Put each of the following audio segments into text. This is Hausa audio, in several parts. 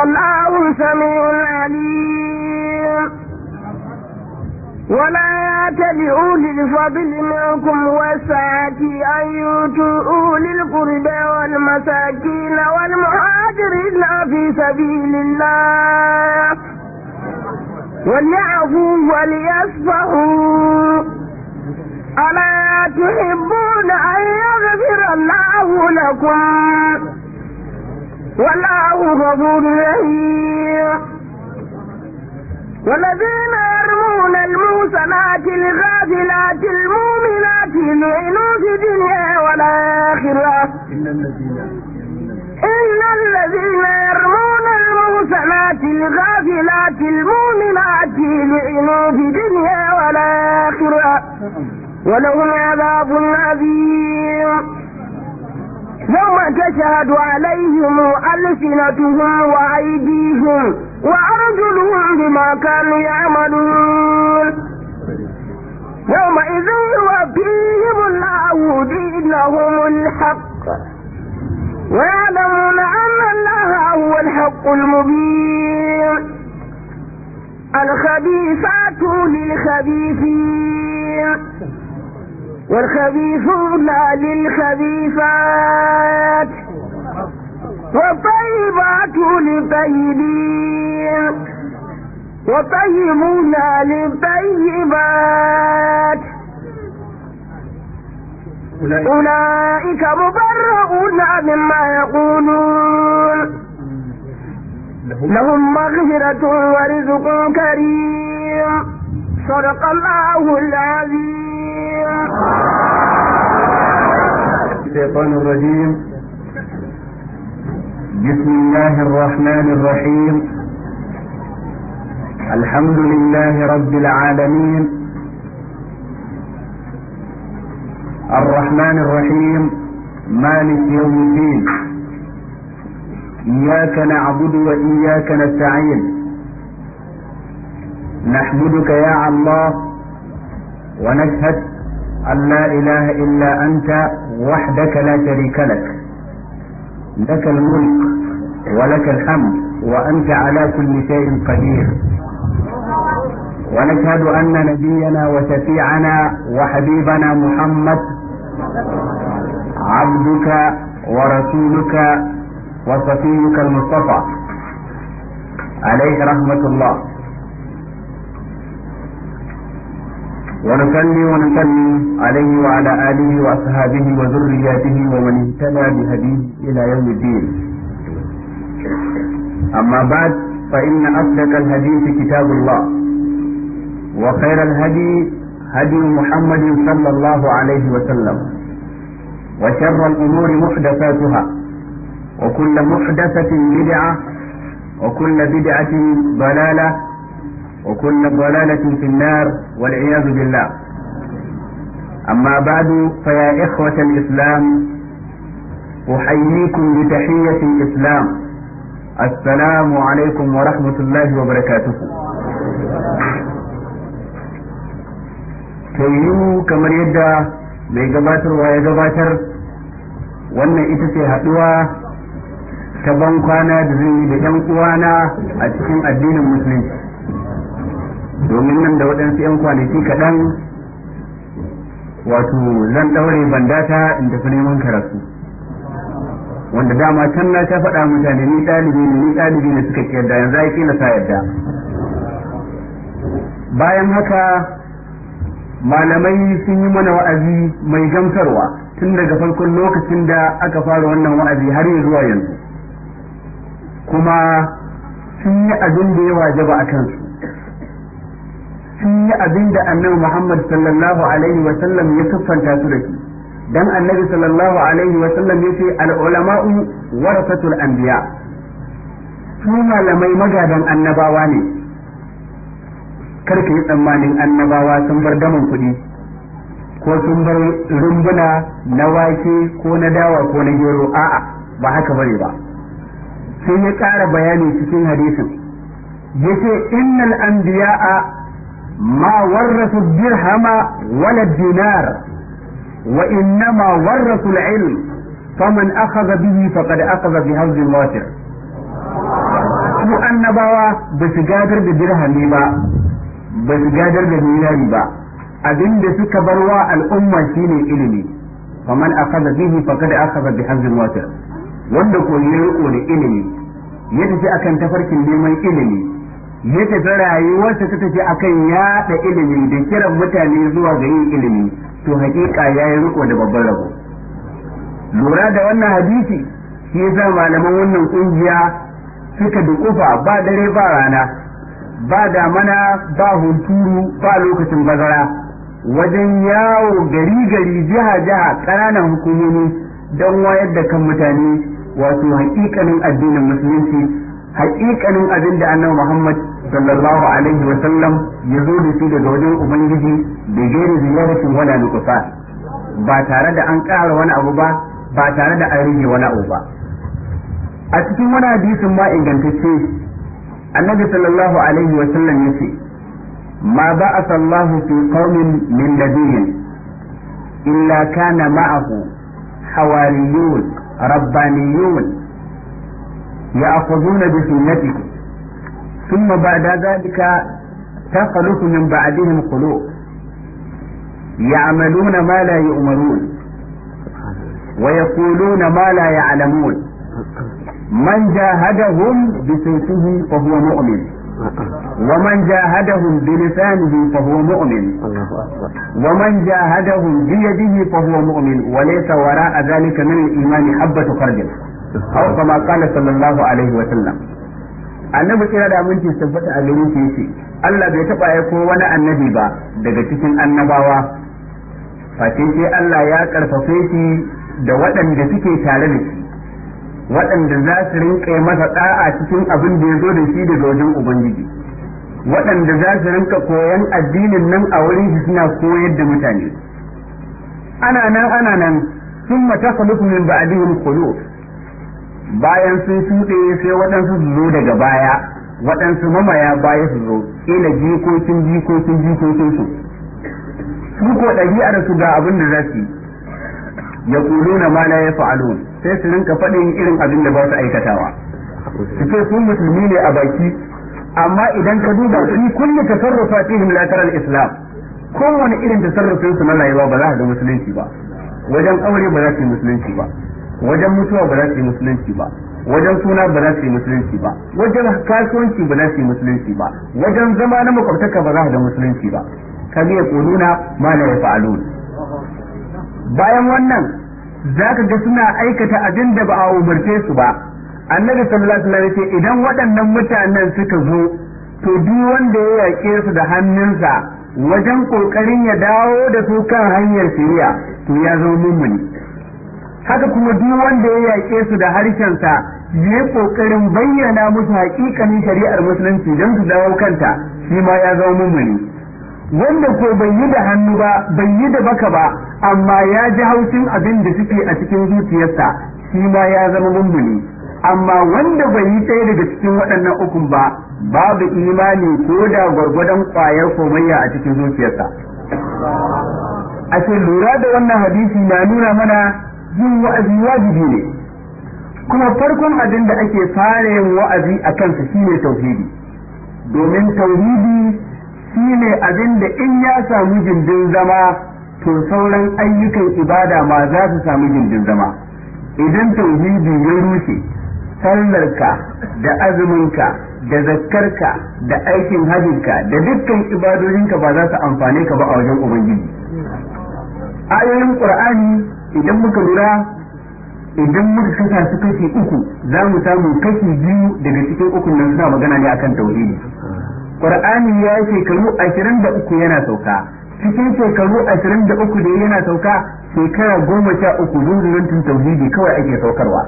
والله سميع عليم ولا يأتل لاولي الفضل منكم والسعة أن يؤتوا أولي القربى والمساكين والمهاجرين في سبيل الله وليعفوا وليصفحوا ألا تحبون أن يغفر الله لكم ولا غفور رحيم والذين يرمون الموسنات الغافلات المؤمنات لعنوا في الدنيا والآخرة إن الذين يرمون الموسنات الغافلات المؤمنات لعنوا في الدنيا والآخرة ولهم عذاب عظيم يوم تشهد عليهم ألسنتهم وأيديهم وأرجلهم بما كانوا يعملون يومئذ يوفيهم الله دينهم الحق ويعلمون أن الله هو الحق المبين الخبيثات للخبيثين والخبيثون للخبيثات والطيبات للطيبين والطيبون للطيبات أولئك مبرؤون مما يقولون لهم مغفرة ورزق كريم صدق الله العظيم الشيطان الرجيم بسم الله الرحمن الرحيم الحمد لله رب العالمين الرحمن الرحيم مالك يوم الدين إياك نعبد وإياك نستعين نحمدك يا الله ونشهد أن لا إله إلا أنت وحدك لا شريك لك لك الملك ولك الحمد وأنت على كل شيء قدير ونشهد أن نبينا وشفيعنا وحبيبنا محمد عبدك ورسولك وصفيك المصطفى عليه رحمة الله ونصلي ونسلم عليه وعلى آله وأصحابه وذرياته ومن اهتدى بهديه إلى يوم الدين أما بعد فإن أصدق الحديث كتاب الله وخير الهدي هدي محمد صلى الله عليه وسلم وشر الأمور محدثاتها وكل محدثة بدعة وكل بدعة ضلالة وكل ضلالة في النار والعياذ بالله أما بعد فيا إخوة الإسلام أحييكم بتحية الإسلام السلام عليكم ورحمة الله وبركاته toyinu kamar yadda mai gabatarwa ya gabatar wannan ita ce haɗuwa ta ban kwana da zai yi da 'yan uwana a cikin addinin musulunci domin nan da waɗansu 'yan kwanaki kaɗan wato zan ɗaure bandata inda tafi neman karatu wanda dama can na ta faɗa mutane ni ɗalibi ne ni ɗalibi ne suka yadda yanzu ai na sa yadda. bayan haka malamai sun yi mana wa'azi mai gamsarwa tun daga farkon lokacin da aka fara wannan wa'azi har ya zuwa yanzu kuma sun yi abin da ya wajaba a kansu sun yi abin da annabi Muhammad sallallahu alaihi wa sallam ya tuffanta su da shi dan annabi sallallahu alaihi wa sallam yace al ulama'u warasatul anbiya su malamai magadan annabawa ne karka yi tsammanin annabawa sun bar daman kuɗi ko sun bar rumbuna na wake ko na dawa ko na gero a'a ba haka bane ba sai ya ƙara bayani cikin hadisin yace innal anbiya'a ما ورثوا الدرهم ولا الدينار وإنما ورثوا العلم فمن أخذ به فقد أخذ بهوز واسع su annabawa ba su gadar da dirhami ba ba su gadar da dinari ba abin da suka bar wa al'umma shi ne ilimi faman akhadha bihi faqad akhadha bi hazin wasir wanda ko ya riko da ilimi yadda tafi akan tafarkin neman ilimi ya tafi rayuwarsa ta tafi akan yaɗa ilimi da kiran mutane zuwa ga yin ilimi to hakika ya yi riko da babban rabo lura da wannan hadisi shi yasa malaman wannan ƙungiya suka dukufa ba dare ba rana ba da mana ba hunturu ba lokacin bazara wajen yawo gari gari jiha jiha ƙananan hukumomi don wayar da kan mutane wato hakikanin addinin musulunci hakikanin abin da annabi Muhammad sallallahu alaihi wa sallam ya zo da shi daga wajen ubangiji da gairi ziyaratin wala nuqsa ba tare da an ƙara wani abu ba ba tare da an rige wani abu ba a cikin wani hadisin ma ingantacce annabi sallallahu alaihi wa sallam yace ma ba'atha Allahu fi qaumin min nabiyyin illa kana ma'ahu hawariyun rabbaniyun ya'khuduna bi sunnatihi ثم بعد ذلك تخلف من بعدهم قلوب يعملون ما لا يؤمرون ويقولون ما لا يعلمون من جاهدهم بسيفه فهو مؤمن ومن جاهدهم بلسانه فهو مؤمن ومن جاهدهم بيده فهو مؤمن وليس وراء ذلك من الإيمان حبة خرجه أو كما قال صلى الله عليه وسلم annabi tsira da aminci tabbata a gare shi yace Allah bai taba ya ko wani annabi ba daga cikin annabawa face sai Allah ya karfafe shi da waɗanda suke tare da shi waɗanda za su rinƙa masa da'a cikin abin da ya zo da shi daga wajen ubangiji waɗanda za su rinƙa koyan addinin nan a wurin shi suna koyar da mutane ana nan ana nan sun mata min ba'dihim qulub bayan sun shuɗe sai waɗansu su zo daga baya waɗansu mamaya baya su zo kila jikokin jikokin jikokin su su ko ɗabi'ar su ga abin da za su ya kuluna na mala ya fa'alu sai su rinka faɗin irin abin da ba su aikatawa su ce sun musulmi ne a baki amma idan ka duba su kulle ta sarrafa cikin al-islam kowane irin sarrafa su na rayuwa ba za a ga musulunci ba wajen aure ba za su yi musulunci ba wajen mutuwa ba za su yi musulunci ba wajen suna ba za su yi musulunci ba wajen kasuwanci ba za su yi musulunci ba wajen zama na makwabtaka ba za su da musulunci ba ka kaga ya kuluna ma na ya fa'alu bayan wannan ka ga suna aikata abin da ba a umarce su ba annabi sallallahu alaihi wasallam idan waɗannan mutanen suka zo to duk wanda ya yaƙe su da hannunsa wajen ƙoƙarin ya dawo da su kan hanyar shiriya to ya zama mummuni haka kuma duk wanda ya yaƙe su da harshen sa, yi ƙoƙarin bayyana musu haƙiƙanin shari'ar musulunci don su dawo kanta shi ma ya zama mummuni wanda ko bai yi da hannu ba bai yi da baka ba amma ya ji haushin abin da suke a cikin zuciyarsa shi ma ya zama mummuni amma wanda bai yi ɗaya daga cikin waɗannan ukun ba babu imani ko da gwargwadon ƙwayar komayya a cikin zuciyarsa a lura da wannan hadisi na nuna mana yin wa'azi wajibi ne kuma farkon abin da ake fara yin wa'azi a kansa shine tauhidi domin tauhidi shine abin da in ya samu gindin zama to sauran ayyukan ibada ma za su samu gindin zama idan tauhidi ya rushe sallarka da azuminka da zakkarka da aikin hajjinka da dukkan ibadojinka ba za su amfane ka ba a wajen ubangiji ayoyin qur'ani idan muka lura idan muka kasa su kashi uku za mu samu kashi biyu daga cikin ukun nan suna magana ne akan tauhidi qur'ani ya yi shekaru ashirin yana sauka cikin shekaru ashirin da yana sauka shekara goma sha uku zunzurantun tauhidi kawai ake saukarwa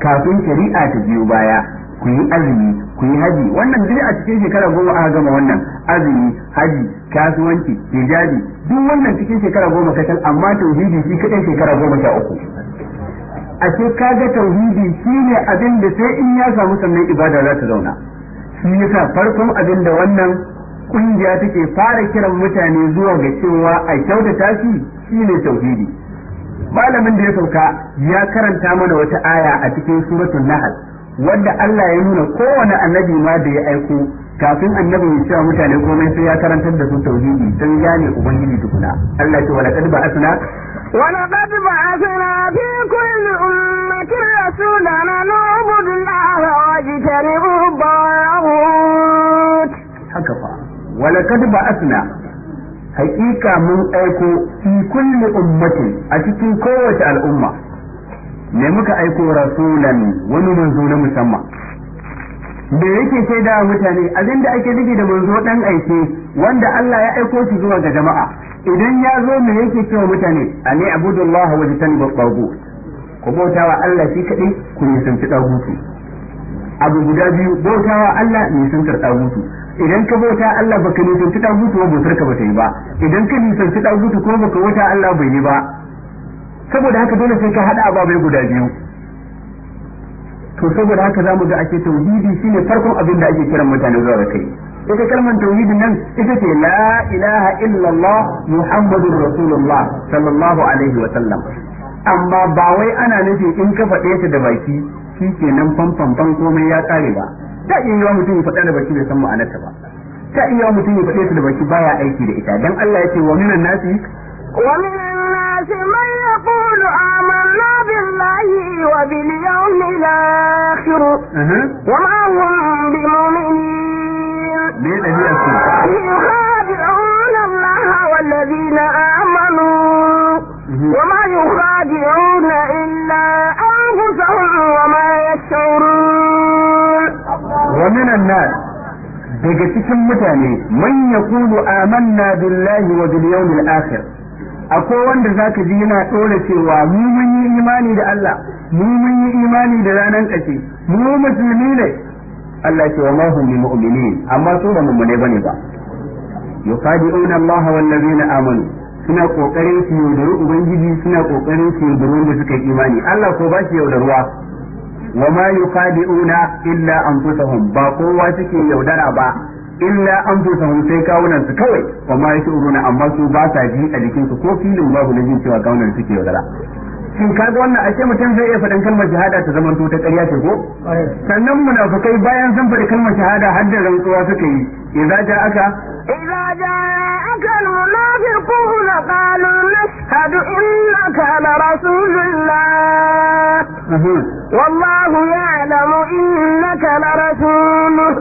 kafin shari'a ta biyo baya ku yi azumi ku yi haji wannan duk a cikin shekara goma a gama wannan azumi haji kasuwanci hijabi duk wannan cikin shekara goma kacal amma tauhidi shi kaɗai shekara goma sha uku a ce kaga tauhidi shi ne abin da sai in ya samu sannan ibada za ta zauna shi yasa farkon abin da wannan kungiya take fara kiran mutane zuwa ga cewa a kyautata shi ne tauhidi malamin da ya sauka ya karanta mana wata aya a cikin suratul nahl wanda Allah ya nuna kowane annabi ma da ya aiko kafin annabi ya cewa mutane komai sai ya karantar da su tauhidi don gane ubangiji tukuna Allah ce wala kadba asna wala kadba asna fi kulli ummati rasulana nu'budu Allaha wa jitaribu ba'ut haka fa wala kadba asna haqiqa mun aiko fi kulli ummati a cikin kowace al'umma ne muka aiko rasulan wani manzo na musamman da yake shaida mutane da ake nufi da manzo dan aike wanda Allah ya aiko shi zuwa ga jama'a idan ya zo me yake cewa mutane ani abudullahi wa jitan babu ku bautawa Allah shi kadai ku nisanci tagutu abu guda biyu bautawa Allah ne nisantar tagutu idan ka bauta Allah baka nisanci tagutu ba bautar ka bata yi ba idan ka nisanci tagutu ko baka wata Allah bai yi ba saboda haka dole sai ka hada ababai guda biyu to saboda haka zamu ga ake tauhidi shine farkon abin da ake kiran mutane zuwa ga kai ita kalmar tauhidin nan ita ce la ilaha illallah muhammadur rasulullah sallallahu alaihi wa sallam amma ba wai ana nufi in ka faɗe ta da baki shikenan fan komai ya kare ba ta iya yiwa mutum ya faɗa da baki bai san ma'anarta ba ta iya mutum ya faɗe ta da baki baya aiki da ita dan Allah ya ce wa minan nasi wa minan الناس من يقول آمنا بالله وباليوم الآخر وما هم بمؤمنين يخادعون الله والذين آمنوا وما يخادعون إلا أنفسهم وما يشعرون ومن الناس daga cikin mutane man ya kulu amanna billahi wa bil yawmil akhir akwai wanda ka ji yana ɗora cewa mu mun yi imani da Allah mu mun yi imani da ranar ƙarshe mu musulmi ne Allah ce wa mahum bi ne? amma su ba mummune bane ba yufadi'una Allah wal ladina amanu suna kokarin su yaudari ubangiji suna kokarin su yaudari wanda suka yi imani Allah ko ba shi yaudarwa wa ma yufadi'una illa anfusahum ba kowa suke yaudara ba illa an fusa hun sai kawunan su kawai wa ma yake uruna amma su ba sa ji a jikin su ko filin babu na jin cewa kawunan suke wadara shin ka ga wannan ashe mutum zai iya faɗin kalmar shahada ta zaman ta ƙarya ce ko sannan munafukai bayan sun faɗi kalmar shahada har da rantsuwa suka yi idza ja'aka idza ja'a كانوا المنافقون قالوا نشهد إنك لرسول الله والله يعلم إنك لرسوله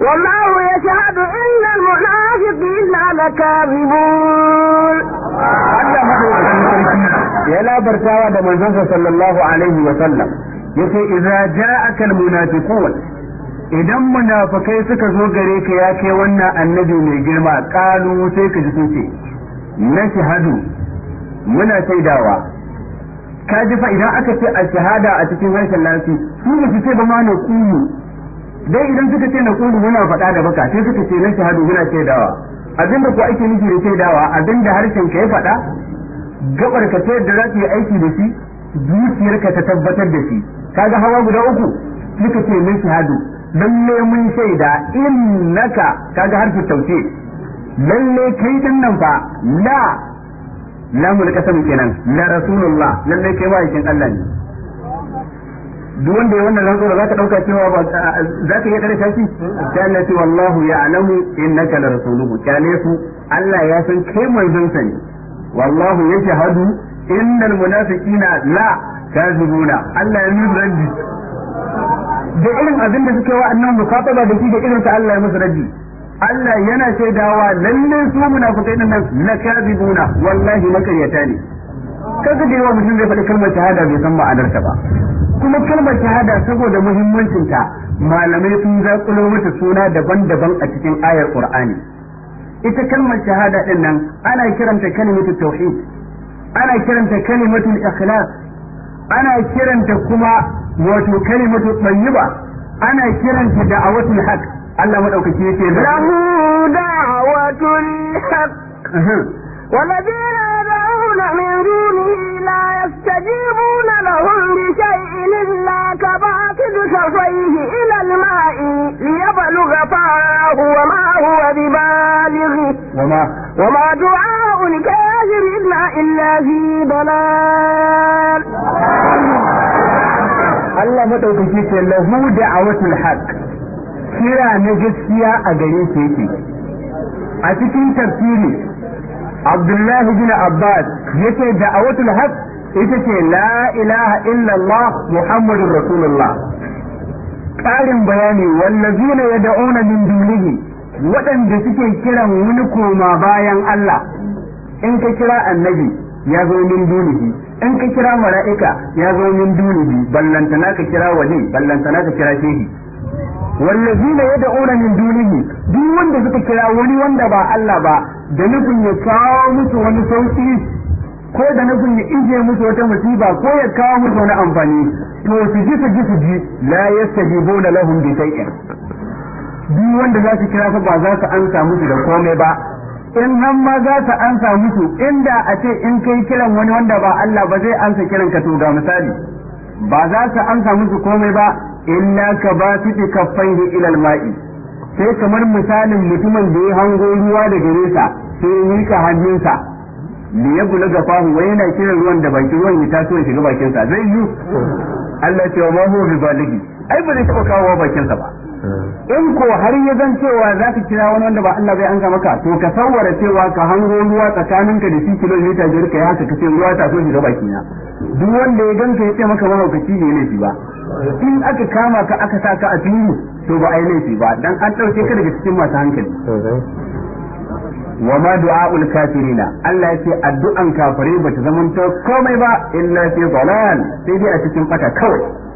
والله يشهد إن المنافقين لكاذبون يا لا برتاوى ده صلى الله عليه وسلم يقول اذا جاءك المنافقون idan munafikai suka zo gare ka ya kai wannan annabi mai girma kalu sai ka ji sunce na shahadu muna shaidawa ka ji fa idan aka ce a shahada a cikin harshen lafi su ba su ce ba ma na kulu dai idan suka ce na kulu muna faɗa da baka sai suka ce na shahadu muna shaidawa abinda ko ake nufi da shaidawa abinda harshen ka ya faɗa gabar ka ta yadda za ku yi aiki da shi zuciyarka ta tabbatar da shi kaga hawa guda uku suka ce na shahadu lalle mun shaida innaka kaga harfi tauce lalle kai din nan fa la lamul kasam kenan la rasulullah lalle kai wa'ikin Allah ne duk wanda ya wannan rantsuwa zaka dauka cewa ba zaka iya karshe shi jannati wallahu ya'lamu innaka la rasuluhu kale su Allah ya san kai manzon sa ne wallahu yashhadu innal munafiqina la kazibuna Allah ya nuna da irin abin da suke wa annan mukataba da shi da irin ta Allah ya musu raddi Allah yana shaidawa lalle su munafikai din nan lakazibuna wallahi makaryata ne kaga da yawa mutum zai faɗi kalmar shahada bai san ma'anarta ba kuma kalmar shahada saboda muhimmancinta malamai sun zaƙulo mata suna daban-daban a cikin ayar Qur'ani ita kalmar shahada din nan ana kiranta kalimatu tauhid ana kiranta kalimatul ikhlas ana kiranta kuma wato kalimatu tayyiba ana kiranta da'awatul haq Allah madaukaki yake lahu da'watul haq والذين يدعون من دونه لا يستجيبون لهم بشيء إلا كباطل شفيه إلى الماء ليبلغ فاه وما هو ببالغه وما, وما دعاء الكافرين إلا في ضلال Allah madaukaki ce lahu da'awatul haqq kira na gaskiya a gare shi yake a cikin tafsiri Abdullahi bin Abbas a watan haƙ ita ce la ilaha illallah Muhammadur Rasulullah ƙarin bayani ya yad'una min dunihi waɗanda suke kiran wani koma bayan Allah in ka kira annabi ya zo min dunihi in ka kira mala'ika ya zo min ballanta na ka kira ballanta na ka kira shehi wallazina yad'una min dunihi duk wanda suka kira wani wanda ba Allah ba da nufin ya kawo musu wani sauki ko da nufin ya ije musu wata musiba ko ya kawo musu wani amfani to su ji su ji su ji la yastajibuna lahum bi shay'in duk wanda za su kira fa ba za su amsa musu da komai ba in har ma za ta ansa musu inda a ce in kai kiran wani wanda ba Allah ba zai ansa kiran ka to ga misali ba za ta ansa musu komai ba illa ka ba su da ilal ma'i sai kamar misalin mutumin da ya hango ruwa daga sa sai ya ka hannunsa li ya bula ga fahu wai yana kiran ruwan da bakin ruwan ya taso ya shiga bakinsa zai yi Allah ce wa ma huwa bi baligi ai ba zai taɓa kawo bakinsa ba in ko har ya zan cewa za ka kira wani wanda ba Allah bai an maka to ka sawara cewa ka hango ruwa tsakaninka da shi kilomita biyar ka haka ka ce ruwa ta so shiga baki na duk wanda ya ganka ya ce maka mahaukaci ne laifi ba in aka kama ka aka saka a turu to ba ai laifi ba dan an ɗauke ka daga cikin masu hankali wama ma du'a'ul kafirina Allah yace addu'an ta bata ta komai ba illa fi dalal sai dai a cikin fata kawai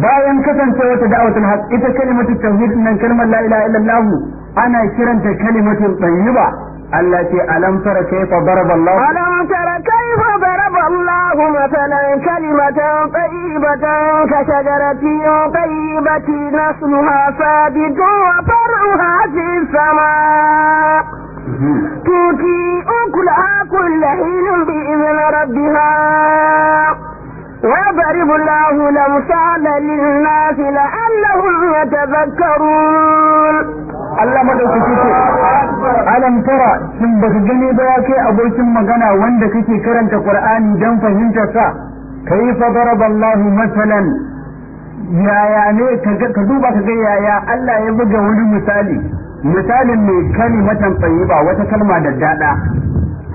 bayan kasancewa ta da'awatul haq ita kalimatu tauhid nan kalmar la ilaha illallah ana kiranta kalimatun tayyiba Allah ce alam tara kayfa daraba Allah alam tara kayfa daraba Allah mathalan kalimatan tayyibatan ka shajaratin tayyibatin nasluha sabidu wa far'uha fis sama' تؤتي أكلها كل حين بإذن ربها ويضرب الله الأمثال للناس لعلهم يتذكرون Allah madaukaki ce alam tara shin baka gani ba ya kai abokin magana wanda kake karanta Kur'ani dan fahimtar sa kai fa daraballahu masalan yaya ne ka duba ka ga yaya Allah ya buga wani misali misalin mai kalimatan tayyiba wata kalma da daɗa.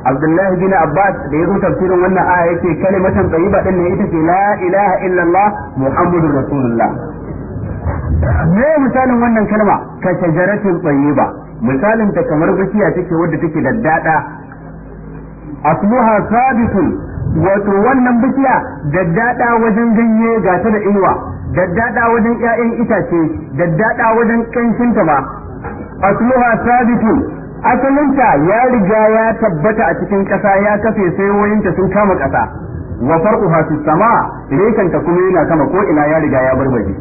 Abdullahi bin Abbas da ya zo tafsirin wannan aya yace kalimatan tayyiba din ne ita ce la ilaha illallah muhammadur rasulullah me misalin wannan kalma ka shajaratin tayyiba misalin ta kamar bishiya take wadda take da dada asluha sabitun wato wannan da daddada wajen ganye ga ta da inuwa da daddada wajen ƴaƴan itace daddada wajen kanshin ba asluha sabitun asalinta ya riga ya tabbata a cikin ƙasa ya kafe sai wayinta sun kama kasa wa far'uha fi sama rekanta kuma yana kama ko ina ya riga ya barbaje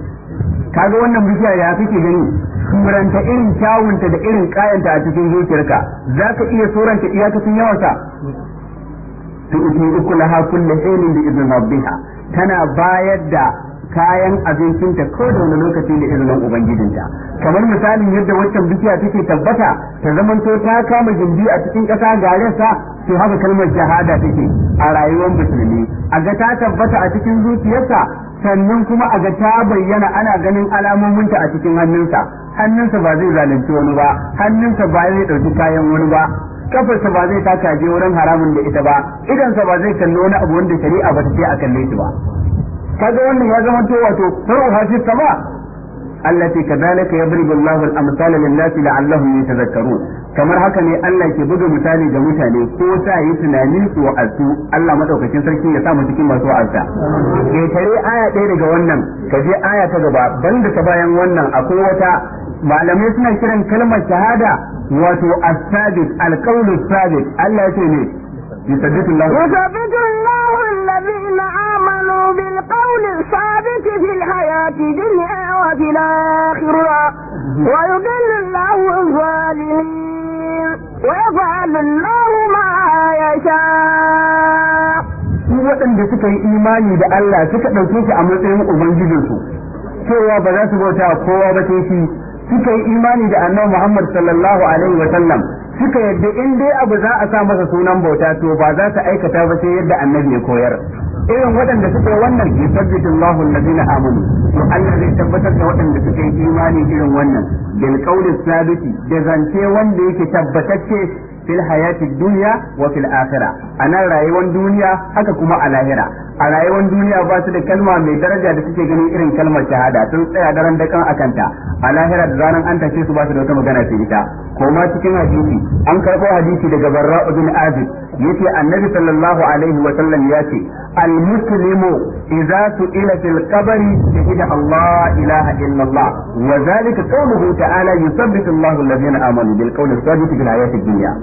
kaga wannan bishiya ya kike gani suranta irin kyawunta da irin kayanta a cikin zuciyarka zaka iya suranta iyakacin yawansa tu uti ukulaha kullu hilin bi idzin rabbiha tana bayar da kayan abincinta ko da wani lokaci da izinin ubangijinta kamar misalin yadda waccan bishiya take tabbata ta zamanto ta kama gindi a cikin ƙasa garensa to haka kalmar shahada take a rayuwar musulmi a ga ta tabbata a cikin zuciyarsa sannan kuma a ga ta bayyana ana ganin alamominta a cikin hannunsa hannunsa ba zai zalunci wani ba hannunsa ba zai ɗauki kayan wani ba kafarsa ba zai taka je wurin haramun da ita ba idansa ba zai kalli wani abu wanda shari'a ba ta ce a kalle shi ba kaga wannan ya zama to wato faru hafi sama allati kadhalika yadribu Allahu al-amsala lin-nasi la'allahum yatadhakkarun kamar haka ne Allah ke buga misali ga mutane ko sa yi tunani su wa'azu Allah madaukakin sarki ya sa mu cikin masu wa'azza ke tare aya ɗaya daga wannan ka je aya ta gaba banda ta bayan wannan akwai wata malamai suna kiran kalmar shahada wato as-sadiq al-qawlu as-sadiq Allah ya ce ne yusabbitu Allahu yusabbitu Allahu alladhina وتواصوا بالقول الصادق في الحياة الدنيا وفي الآخرة ويضل الله الظالمين ويفعل الله ما يشاء waɗanda suka yi imani da Allah suka ɗauke shi a matsayin Ubangijinsu cewa ba za su bauta kowa ba sai shi suka yi imani da annabi Muhammad sallallahu alaihi wa sallam suka yadda in dai abu za a sa masa sunan bauta to ba za ta aikata ba sai yadda annabi ya koyar irin waɗanda yi wannan yusabbitu Allahu allazina amanu to Allah zai tabbatar da waɗanda suke imani irin wannan bil qawli sabiti da zance wanda yake tabbatacce fil hayati dunya wa fil akhirah anan rayuwar duniya haka kuma a lahira a rayuwar duniya ba su da kalma mai daraja da suke ganin irin kalmar shahada sun tsaya daren dakan akanta a lahira da ranar an tashe su ba su da wata magana su ita koma cikin hadisi an karɓo hadisi daga barra bin azib yace annabi sallallahu alaihi wa sallam ya ce al muslimu idza su'ila fil qabri shahida allah ilaha illa allah wa zalika qawluhu ta'ala yusabbitu allah alladhina amanu bil qawli thabit fil hayati dunya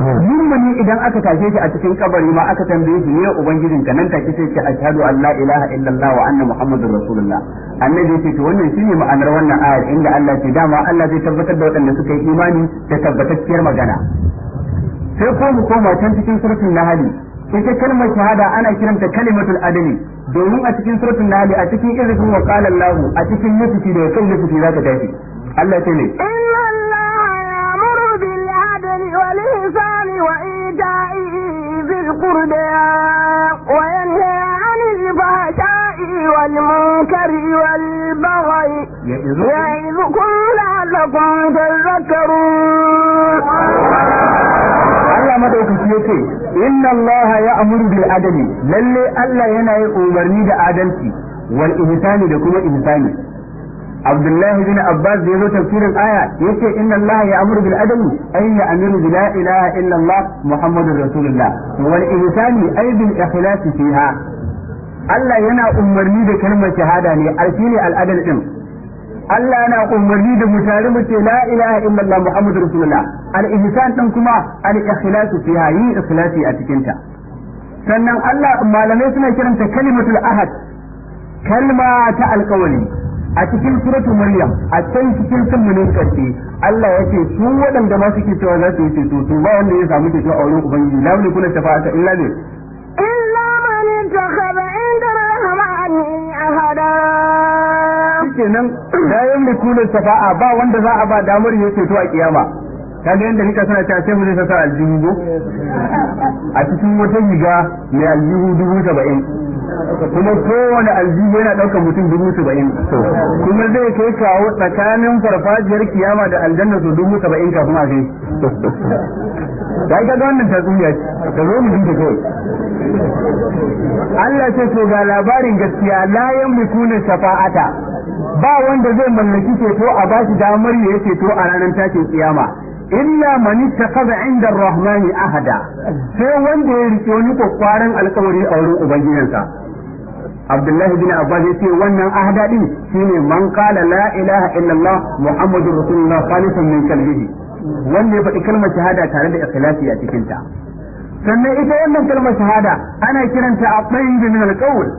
mummuni idan aka tashe shi a cikin kabari ma aka tambaye shi ne ubangijin ka nan take sai ce ashhadu an la ilaha illallah wa anna muhammadur rasulullah annabi ce to wannan shine ma'anar wannan aya inda Allah ce dama Allah zai tabbatar da waɗanda suka yi imani da tabbatacciyar magana sai ko mu koma can cikin suratul nahl ita kalmar shahada ana kiranta kalimatul adli domin a cikin suratul nahl a cikin irzin wa qala Allah a cikin nufi da kai nufi zaka tafi Allah ce ne القربى وينهى عن الفحشاء والمنكر والبغي يعظكم لعلكم تذكرون madaukaki ya ce, Inna Allah ya amuru bil adali, lalle Allah yana yin umarni da adalci, wal ihsani da kuma ihsani. Abdullahi bin Abbas da yazo tafsirin aya yace inna Allah ya'muru bil adli ay ya'muru bi la ilaha illa Allah Muhammadur Rasulullah wal ihsani ay bil ikhlasi fiha Allah yana umarni da kalmar shahada ne alfini al adl din Allah yana umarni da mutare mu la ilaha illa Allah Muhammadur Rasulullah al ihsan din kuma al ikhlasu fiha yi a cikinta. sannan Allah malamai suna kiranta kalimatul ahad kalma ta alƙawari a cikin suratul maryam a can cikin kan mu karfi Allah yake su waɗanda ma suke cewa za su yi ceto to ba wanda ya samu ceto a wurin ubangiji la kula tafa ta illa ne illa man takhaba inda rahmani ahada kenan da yan kula tafa ba wanda za a ba damar ya to a kiyama kaga yanda kika sana ta sai mu zai sa aljihu go a cikin wata riga mai aljihu dubu saba'in kuma kowane aljihu yana ɗaukar mutum dubu saba'in kuma zai kai kawo tsakanin farfajiyar kiyama da aljanna su dubu saba'in kafin a kai da ita ga wannan tatsuniya ta zo mu ji ta kawai Allah ce to ga labarin gaskiya layan yamlikuna shafa'ata ba wanda zai mallaki ceto a ba shi damar ya ceto a ranar tashin kiyama illa man ittaqaba inda ar-rahmani ahada sai wanda ya rike wani kokwaran alkawari a wurin ubangijinsa Abdullahi bin Abbas yace wannan ahada din shine man qala la ilaha illallah muhammadur rasulullah khalisan min kalbihi wanda ya faɗi kalmar shahada tare da ikhlasi a cikin ta sannan ita wannan kalmar shahada ana kiranta a tsayin min alqawl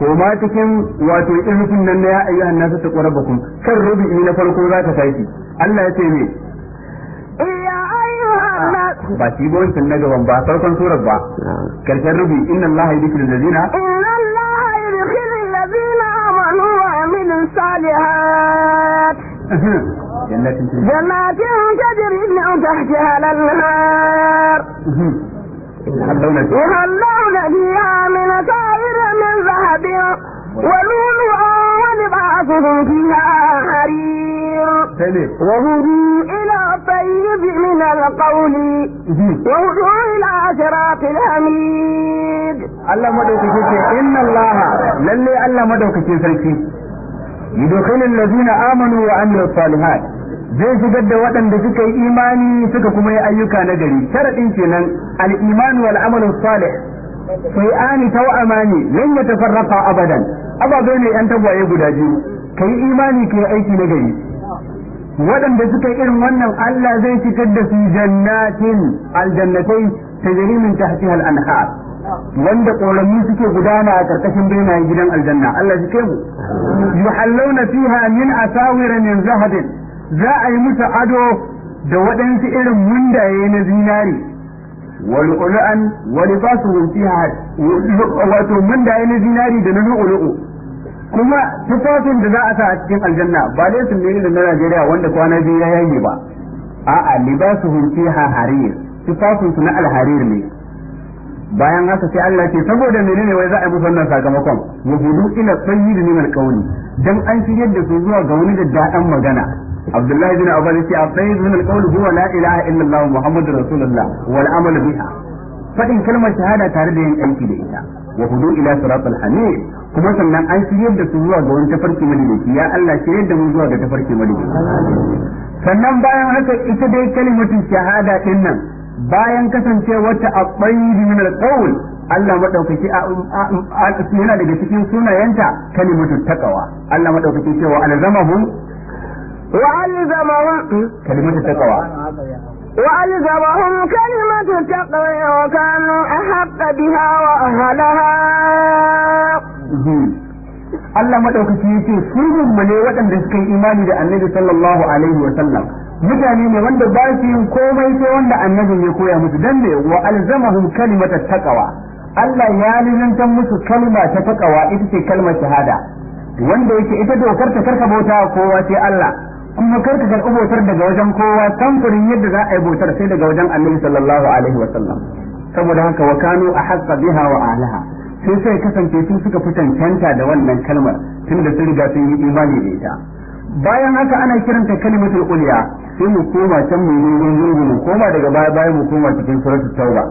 ko ma cikin wato irin nan na ya ayyuhan nasu taqrabukum kan rubi'i na farko za ta tashi Allah ya ce ne ba shi ba wancan na gaban ba farkon surar ba karshen rubi inna Allah ya dikiru lazina inna Allah ya dikiru lazina amanu wa aminu salihat jannatin tajri min tahtiha al-anhar يحلون فيها من سائر من ذهب ولولها ولبعضهم فيها حرير وهدوا إلى طيب من القول وهدوا إلى صراط الحميد الله مدوكي إن الله للي الله مدوكي سركي يدخل الذين آمنوا وعملوا الصالحات zai shigar da waɗanda suka yi imani suka kuma yi ayyuka na gari sharaɗin kenan al-imanu wal amalu salih sai ani taw amani lan yatafarraqa abadan ababai ne yan tagwaye guda biyu ka yi imani ka yi aiki na gari waɗanda suka irin wannan Allah zai fitar da su jannatin aljannatai tajri min tahtiha al-anhar wanda ƙorami suke gudana a ƙarƙashin benayen gidan aljanna Allah ji mu yuhallawna fiha min asawira min zahabin za a yi musu ado da waɗansu irin mundaye na zinari ba su فيها wato mundaye na zinari da na lu'ulu'u kuma tufafin da za a sa a cikin aljanna ba laifin ne da na Najeriya wanda kwana biyu ya yanke ba a'a libasuhum fiha harir tufafin su na harir ne bayan haka sai Allah ce saboda menene wai za a yi musu wannan sakamakon yahudu ila sayyid min alqawli dan an shigar da su zuwa ga wani daddadan magana Abdullahi bin Abbas yace a sayyid min alqawli huwa la ilaha illa Allah Muhammadur Rasulullah wal amal biha fadin kalmar shahada tare da yin aiki da ita wa ila siratal hamid kuma sannan an shiryar da su zuwa ga wani tafarki madaidaici ya Allah shiryar da mu zuwa ga tafarki madaidaici sannan bayan haka ita dai kalmatin shahada din nan bayan kasancewarta a bayyin min alqawl Allah madaukaki um, um, yana daga cikin sunayenta kalimatu taqwa Allah madaukaki cewa alzamahum wa alzamahum kalimatu taqwa وألزمهم كلمة التقوى وكانوا أحق بها وأهلها Allah madaukaki yace mu ne waɗanda suka yi imani da Annabi sallallahu alaihi wa sallam mutane ne wanda ba su komai sai wanda Annabi ya koya musu dan ne wa alzamahum kalimata taqwa Allah ya lizinta musu kalma ta taqwa ita ce kalmar shahada wanda yake ita dokar ta karka bauta kowa sai Allah kuma karka karɓi bautar daga wajen kowa samfurin yadda za a yi bautar sai daga wajen Annabi sallallahu alaihi wa sallam saboda haka wa kanu ahqqa biha wa alaha sai sai kasance su suka fi cancanta da wannan kalmar tunda sun riga sun yi imani da ita bayan haka ana kiranta kalimatul ulya sai mu koma can mu yi gungun mu koma daga baya bayan mu koma cikin suratul tauba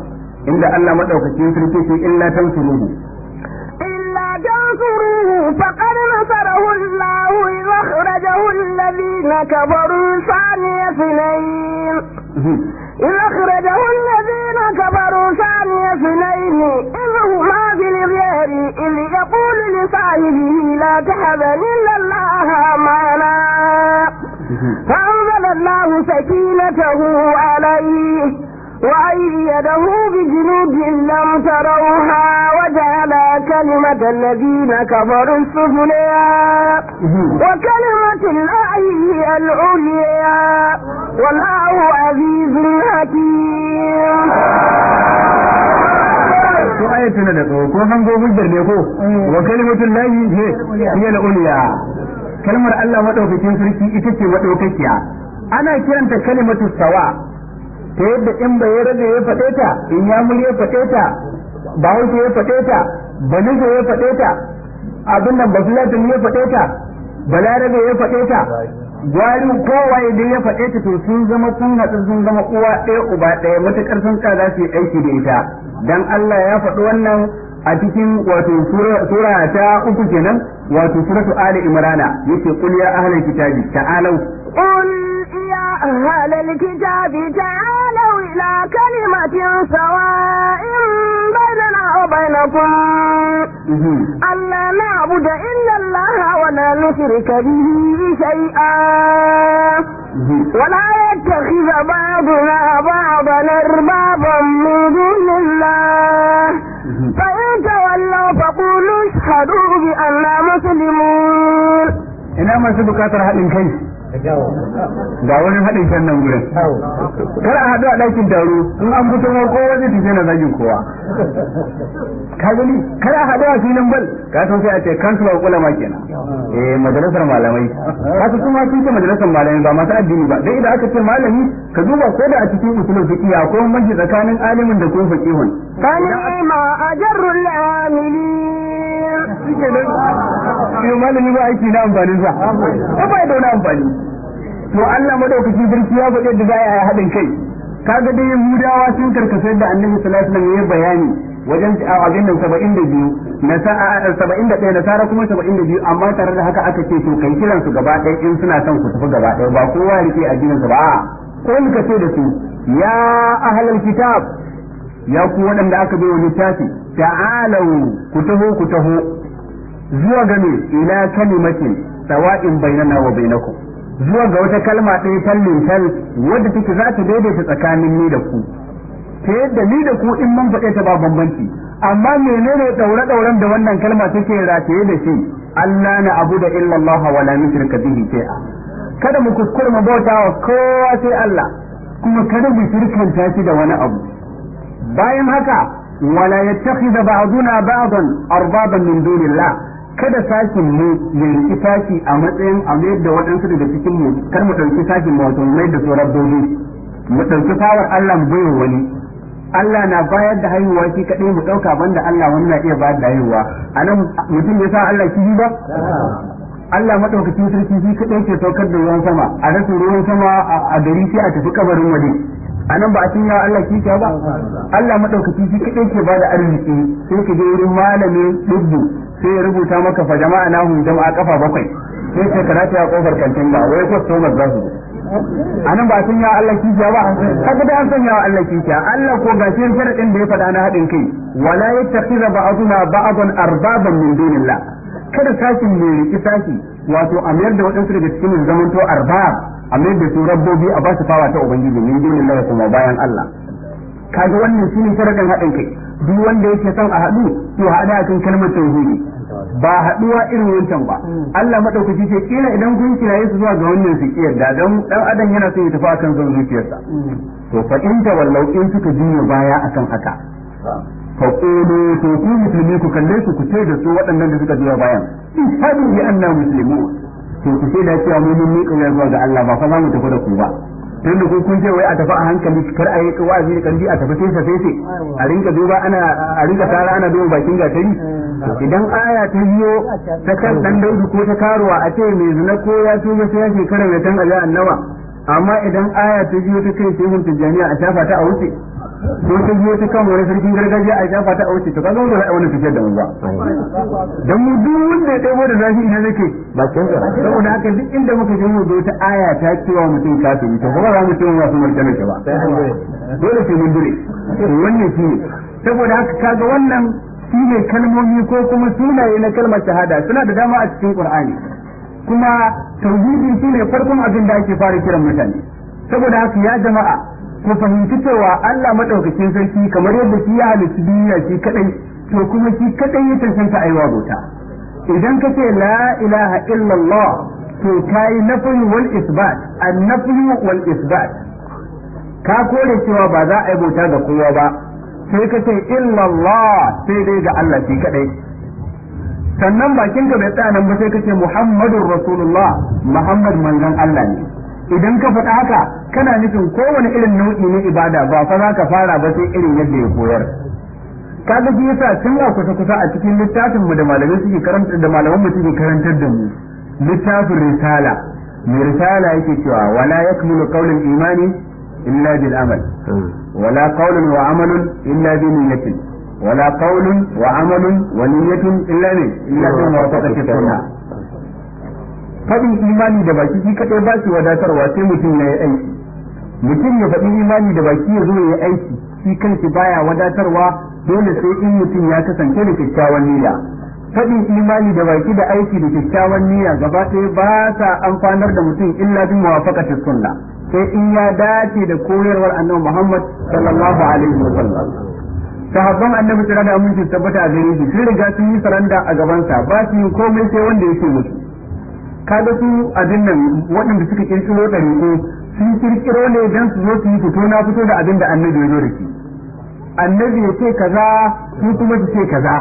inda Allah madaukakin sarki ce illa tansuruhu illa tansuruhu faqad nasarahu Allah wa akhrajahu alladhina kafaru thaniya ithnayn إذ أخرجه الذي بصاحبه لا تحزن إلا الله معنا فأنزل الله سكينته عليه وأيده بجنود لم تروها وجعل كلمة الذين كفروا السفلى وكلمة الله هي العليا والله عزيز حكيم ko ayat tana da tsawo ko hango hujjar ne ko eh. wa kalimatul lahi ne hiya al-ulya kalmar Allah madaukakin sarki ita ce madaukakiya ana kiranta kalimatu sawa ta yadda in bai rage ya fade ta in ya muli ya faɗe ta ya fadeta ta banuga ya fade ta abin nan bafulatin ya fade ta balarabe ya fade ta gwari kowaye da ya fade ta to sun zama sun sun zama uwa ɗaya uba ɗaya matuƙar sun ka za su yi aiki da ita dan Allah ya faɗi wannan a cikin wato sura ta uku kenan wato suratu ali imrana yace qul ya ahlal kitabi ta'alu qul ya ahlal kitabi ta'alu ila kalimatin sawa'in bainana wa bainakum mhm. alla na'budu illa Allah wa la nushrika bihi shay'a ولا يتخذ بعض بعضنا بعضا أربابا من دون الله فإن تولوا فقولوا اشهدوا بأننا مسلمون ina masu bukatar haɗin kai ga wani haɗin kan nan gurin kar a haɗu a ɗakin taro in an fito ma kowa zai tafi na zagin kowa ka gani kar a haɗu a filin bal ka san sai a ce kan sulawar ulama kenan eh majalisar malamai ka su kuma sun ce majalisar malamai ba masu addini ba dai idan aka ce malami ka duba ko da a cikin usulul fiqh ko manji tsakanin alimin da kuma fiqhun kana ma ajarrul amilin shi malami ba aiki na amfani sa ba bai da wani amfani to Allah madaukaki birki ya faɗi da za yi haɗin kai kaga dai Yahudawa sun karkasar da Annabi sallallahu alaihi wasallam ya bayani wajen abin nan 72 na sa'a 71 nasara kuma 72 amma tare da haka aka ce to kai kiran su gaba ɗaya in suna son ku tafi gaba ɗaya ba kowa rike a jinin ba ko ka ce da su ya ahlul kitab ya ku waɗanda aka bai wani tafi ta'alau ku taho ku taho zuwa game ila kalimatin sawa'in bainana wa bainakum zuwa ga wata kalma ɗaya tallin tal wadda take za ta daidaita tsakanin ni da ku ta yadda ni da ku in mun faɗe ta ba bambanci amma menene daure dauren da wannan kalma take rataye da shi Allah na abu da illallah wa la nushrika bihi shay'a kada mu kuskure mu bauta wa kowa sai Allah kuma kada mu shirkanta shi da wani abu bayan haka wala yattakhidha ba'duna ba'dan arbaban min dunillah kada sakin mu ya riki saki a matsayin a mayar da waɗansu daga cikin mu kar mu ɗauki sakin mu wato mai da tsoron dole mu ɗauki fawar Allah mu baiwa wani Allah na bayar da haihuwa shi kaɗai mu ɗauka banda Allah wani na iya bayar da haihuwa a nan mutum ya sa Allah shi ba Allah madaukakin sarki shi kaɗai ke saukar da ruwan sama a rasa ruwan sama a gari sai a tafi kabarin waje a nan ba a cin yawa Allah kika ba Allah madaukakin shi kaɗai ke ba da arziki sai ka je wurin malamin dubbu sai ya rubuta maka fa jama'a na nahum jama'a kafa bakwai sai ce ka rataya kofar kantin ba wai customers za su a nan ba sun yawa Allah kishiya ba haka da an san yawa Allah kishiya Allah ko ga shi sharadin da ya faɗa na haɗin kai wala yattakhidha ba'duna ba'dan arbaban min dunillah kada sashin ne ki saki wato a mayar da waɗansu daga cikin zamanto arbab a mayar da su rabbobi a ba su fawa ta ubangiji min dunillah kuma bayan Allah kaga wannan shine sharadin haɗin kai duk wanda yake son a haɗu to haɗa kan kalmar tauhidi ba haduwa irin wancan ba hmm. Allah madaukaki ce kila idan kun kiraye su zuwa ga wannan su kiyar da dan dan adam yana so ya tafi akan zan zuciyarsa hmm. to fa in ta wallau in suka jiya baya akan haka fa qulu to ku musulmi ku kalle su ku ce da su waɗannan da suka jiya bayan In sabu bi anna muslimu to ku ce da cewa mun mun miƙa zuwa ga Allah ba fa za mu tafi da ku ba tun da kun ce wai a tafi a hankali kar a yi wa'azi da kandi a tafi sai sai a rinka duba ana a rinka tara ana duba bakin gatari hmm. idan aya ta biyo ta kan dan daudu ko ta karuwa a ce mai zina ko ya tuba sai ya shekara mai tan aja annawa amma idan aya ta biyo ta kai shehun tijaniya a shafa ta a wuce ko ta biyo ta kan wani sarkin gargajiya a shafa ta a wuce to kaga wannan wani fice da mu ba dan mu duk wanda ya daimo da zafi ina nake ba kin ga saboda haka duk inda muka je mu zo ta aya ta cewa mutum kafiri to kuma ba mu ce mu martana ke ba dole sai mun dure wannan shi saboda haka kaga wannan shi ne kalmomi ko kuma sunaye na kalmar shahada suna da dama a cikin qur'ani kuma tauhidi shi ne farkon abin da ake fara kiran mutane saboda haka ya jama'a ku fahimci cewa Allah madaukakin sarki kamar yadda shi ya halitta duniya shi kadai to kuma shi kadai ya tantance aiwa bauta idan ka ce la ilaha illallah to kai nafi wal isbat an nafi wal isbat ka kore cewa ba za a yi bauta ga kowa ba sai ka ce illallah sai dai ga Allah shi kadai sannan bakinka bai tsaya nan ba sai ka ce muhammadun rasulullah muhammad manzon Allah ne idan ka faɗa haka kana nufin kowane irin nau'i na ibada ba fa za ka fara ba sai irin yadda ya koyar kaga shi yasa tun a kusa kusa a cikin littafin mu da malamai suke karanta da malaman mu suke karantar da mu littafin risala mai risala yake cewa wala yakmulu qawlul imani illa bil amal hmm. ولا قول وعمل إلا بنية ولا قول وعمل ونية إلا من إلا بموافقة faɗin imani da baki shi kaɗai ba shi wadatarwa sai mutum ya yi aiki mutum ya faɗi imani da baki ya zo ya yi aiki shi shi baya wadatarwa dole sai in mutum ya kasance da kyakkyawan niyya faɗin imani da baki da aiki da kyakkyawan niyya gaba ɗaya ba sa amfanar da mutum illa bin muwafaqatis sunna sai in ya dace da koyarwar annabi Muhammad sallallahu alaihi wasallam sahabban annabi tare da aminci tabbata a gare shi sun riga sun yi saranda a gaban sa ba su yi komai sai wanda yake musu kaga su abin nan waɗanda suka kirkiro ɗariƙo sun kirkiro ne dan su zo su yi fito na fito da abin da annabi ya zo da shi annabi ya ce kaza su kuma su ce kaza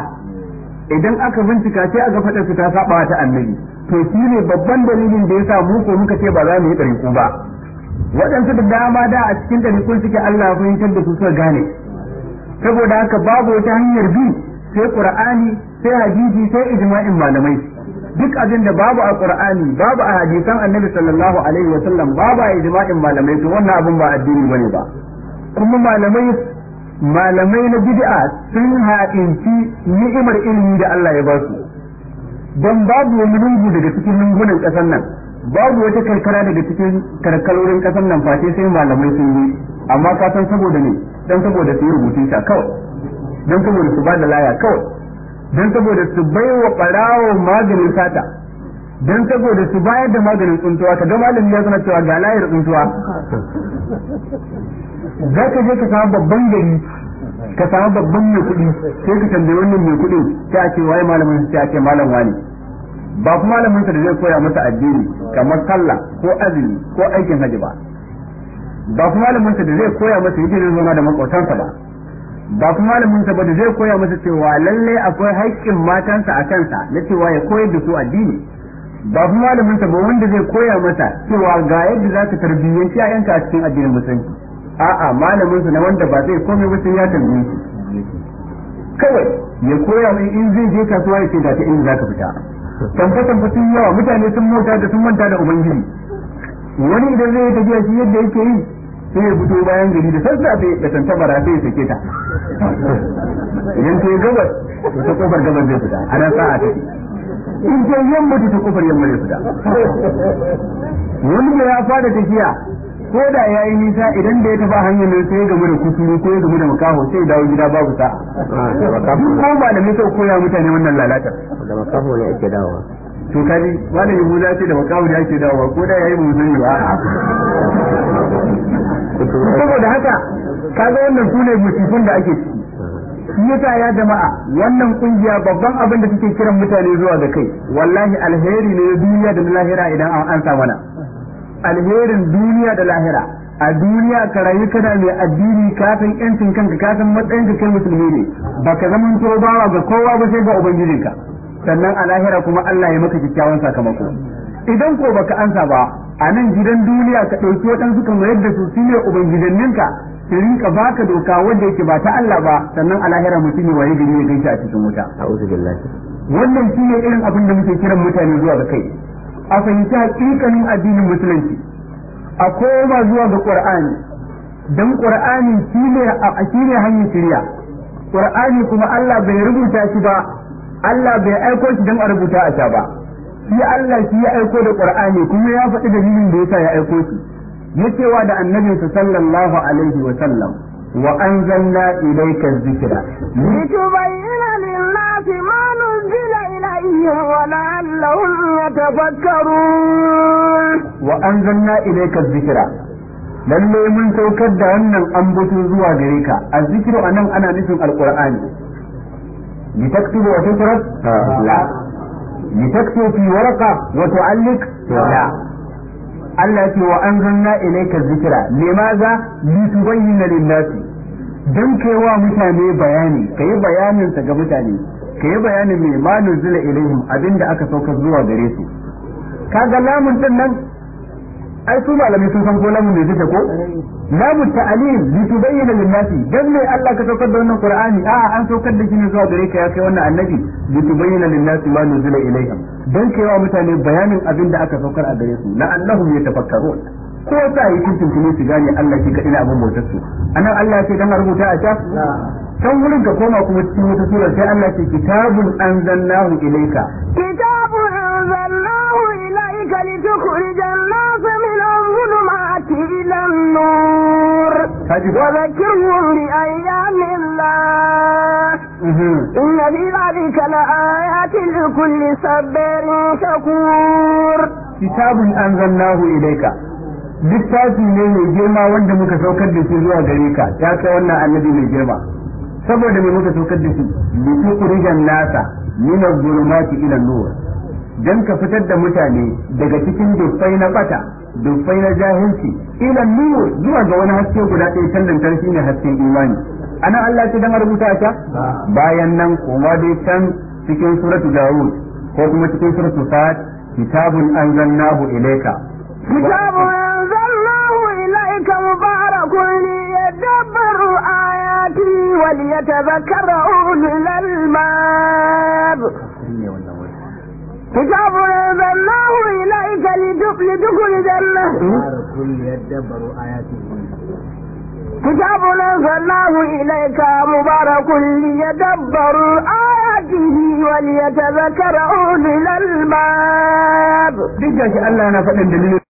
idan aka bincika sai aga faɗa su ta saba ta annabi to shi ne babban dalilin da yasa mu ko muka ce ba za mu yi ɗariƙo ba waɗansu da dama da a cikin ɗariƙun suke Allah fahimtar da su suka gane saboda haka babu wata hanyar bi sai qur'ani sai hadisi sai ijma'in malamai duk abin da babu a qur'ani babu a hadisan annabi sallallahu alaihi wa sallam babu a ijma'in malamai to wannan abin ba addini bane ba kuma malamai malamai na bid'a sun haɗinci ni'imar ilimi da Allah ya ba su don babu wani lungu daga cikin lungunan ƙasar nan babu wata karkara daga cikin karkarorin kasan nan face sai malamai sun yi amma ka san saboda ne dan saboda su yi rubutun sha kawai dan saboda su bada laya kawai dan saboda su baiwa barawo maganin sata dan saboda su bayar da maganin tsuntuwa ka ga malami ya zana cewa ga layar tsuntuwa za ka je ka samu babban gari ka samu babban mai kuɗi sai ka tambayi wannan mai kuɗi sai a ce waye malamin sai a ce malam wani ba kuma malaminsa da zai koya masa addini kamar sallah ko azumi ko aikin haji ba ba kuma malamin da zai koya masa yake zama da makotansa ba ba kuma malaminsa ba da zai koya masa cewa lalle akwai haƙƙin matansa a kansa na cewa ya koyar da su addini ba kuma malaminsa ba wanda zai koya masa cewa ga yadda za ka tarbiyyanci ƴaƴanka a cikin addinin musulunci a'a malamin na wanda ba zai komai ba sai ya tarbiyye kawai ya koya mai in zai je kasuwa ya ce ga ta inda za ka fita tamfa tamfa sun yawa mutane sun mota da sun manta da ubangiji wani idan zai tafiya shi yadda yake yi sai ya fito bayan gari da sassafe da tantabara sai ya sake ta idan ta yi gabas ta kofar gabar zai fita ana sa'a take in ce yamma ta kofar yamma zai fita wani da ya fada tafiya ko da ya yi nisa idan da ya tafi hanyar nan sai ya gamu da kusuru ko ya da makaho sai dawo gida babu sa ko ba ah, da ko ya mutane wannan lalata. da makaho ne ake dawowa to kaji wani yahu za ce da makaho ne ake dawowa ko da ya yi muzuni ba saboda haka kaga wannan sune ne musifin da ake ciki yasa ya jama'a wannan kungiya babban abin da suke kiran mutane zuwa ga kai wallahi alheri ne duniya da lahira idan an ansa mana alherin duniya da lahira a duniya ka rayu kana mai addini ka san yancin kanka ka san matsayin ka kai musulmi ne baka zaman to bawa ga kowa ba sai ga ubangijinka sannan a lahira kuma Allah ya maka kyakkyawan sakamako idan ko baka ansa ba a nan gidan duniya ka ɗauki waɗansu kamar yadda su su ne ubangijanninka ka rinka baka doka wanda yake ba ta Allah ba sannan a lahira mutum ne waye gari ya gaishe a cikin wuta a'udhu billahi wannan shine irin abin da muke kiran mutane zuwa ga kai a fahimci hakikanin addinin musulunci a koma zuwa ga qur'ani dan qur'ani shine shine hanyar shirya, qur'ani kuma Allah bai rubuta shi ba Allah bai aiko shi dan a rubuta a sha ba shi Allah shi ya aiko da qur'ani kuma ya faɗi dalilin da yasa ya aiko shi ya cewa da annabinsa sallallahu alaihi wa sallam wa anzalna ilayka dhikra litubayyana lin-nasi manu? عليهم ولعلهم يتفكرون وأنزلنا إليك الذكرى lallai mun saukar da wannan ambato zuwa gare ka a a nan ana nufin alqur'ani li taktubu wa tukrat la li taktubu fi warqa wa tu'alliq la Allah ce wa anzalna ilayka dhikra limaza li tubayyana lin-nasi dan kai wa mutane bayani kai bayanin sa ga mutane ka yi bayanin mai ma nuzila ilaihim abinda aka saukar zuwa gare su kaga lamun din nan ai su malamai sun san ko lamun ne take ko lamun ta'alil li tubayyana lin nasi dan me Allah ka saukar da wannan qur'ani a'a an saukar da shi ne zuwa gare ka ya kai wannan annabi li tubayyana lin nasi ma nuzila ilaihim dan kai wa mutane bayanin abinda aka saukar a gare su la'allahum yatafakkarun ko sa yi tuntuni su gane Allah shi kadai abin bautar su anan Allah ya ce dan rubuta a ta can wurin ka koma kuma cikin wata sura sai Allah ce kitabun anzalnahu ilayka kitabun anzalnahu ilayka litukhrijan nas min adh-dhulumati ila an-nur wa dhakkirhum bi ayyamillah إن في ذلك لآيات لكل صبر شكور كتاب أنزلناه إليك littafi ne mai girma wanda muka saukar da shi zuwa gare ka ya kai wannan annabi mai girma saboda mai muka saukar da shi bi tuqrijan nasa nuna az ila an dan ka fitar da mutane daga cikin dufai na bata dufai na jahilci ila nur zuwa ga wani haske guda ɗaya can lantarki ne hasken imani ana Allah ce dan rubuta ta bayan nan kuma dai can cikin suratu daud ko kuma cikin suratu fat kitabun anzalnahu ilayka kitabun وليتذكر أولي الألباب كتاب أنزلناه إليك لتخرج الناس كتاب أنزلناه إليك مبارك ليدبر آياته وليتذكر أولي الألباب.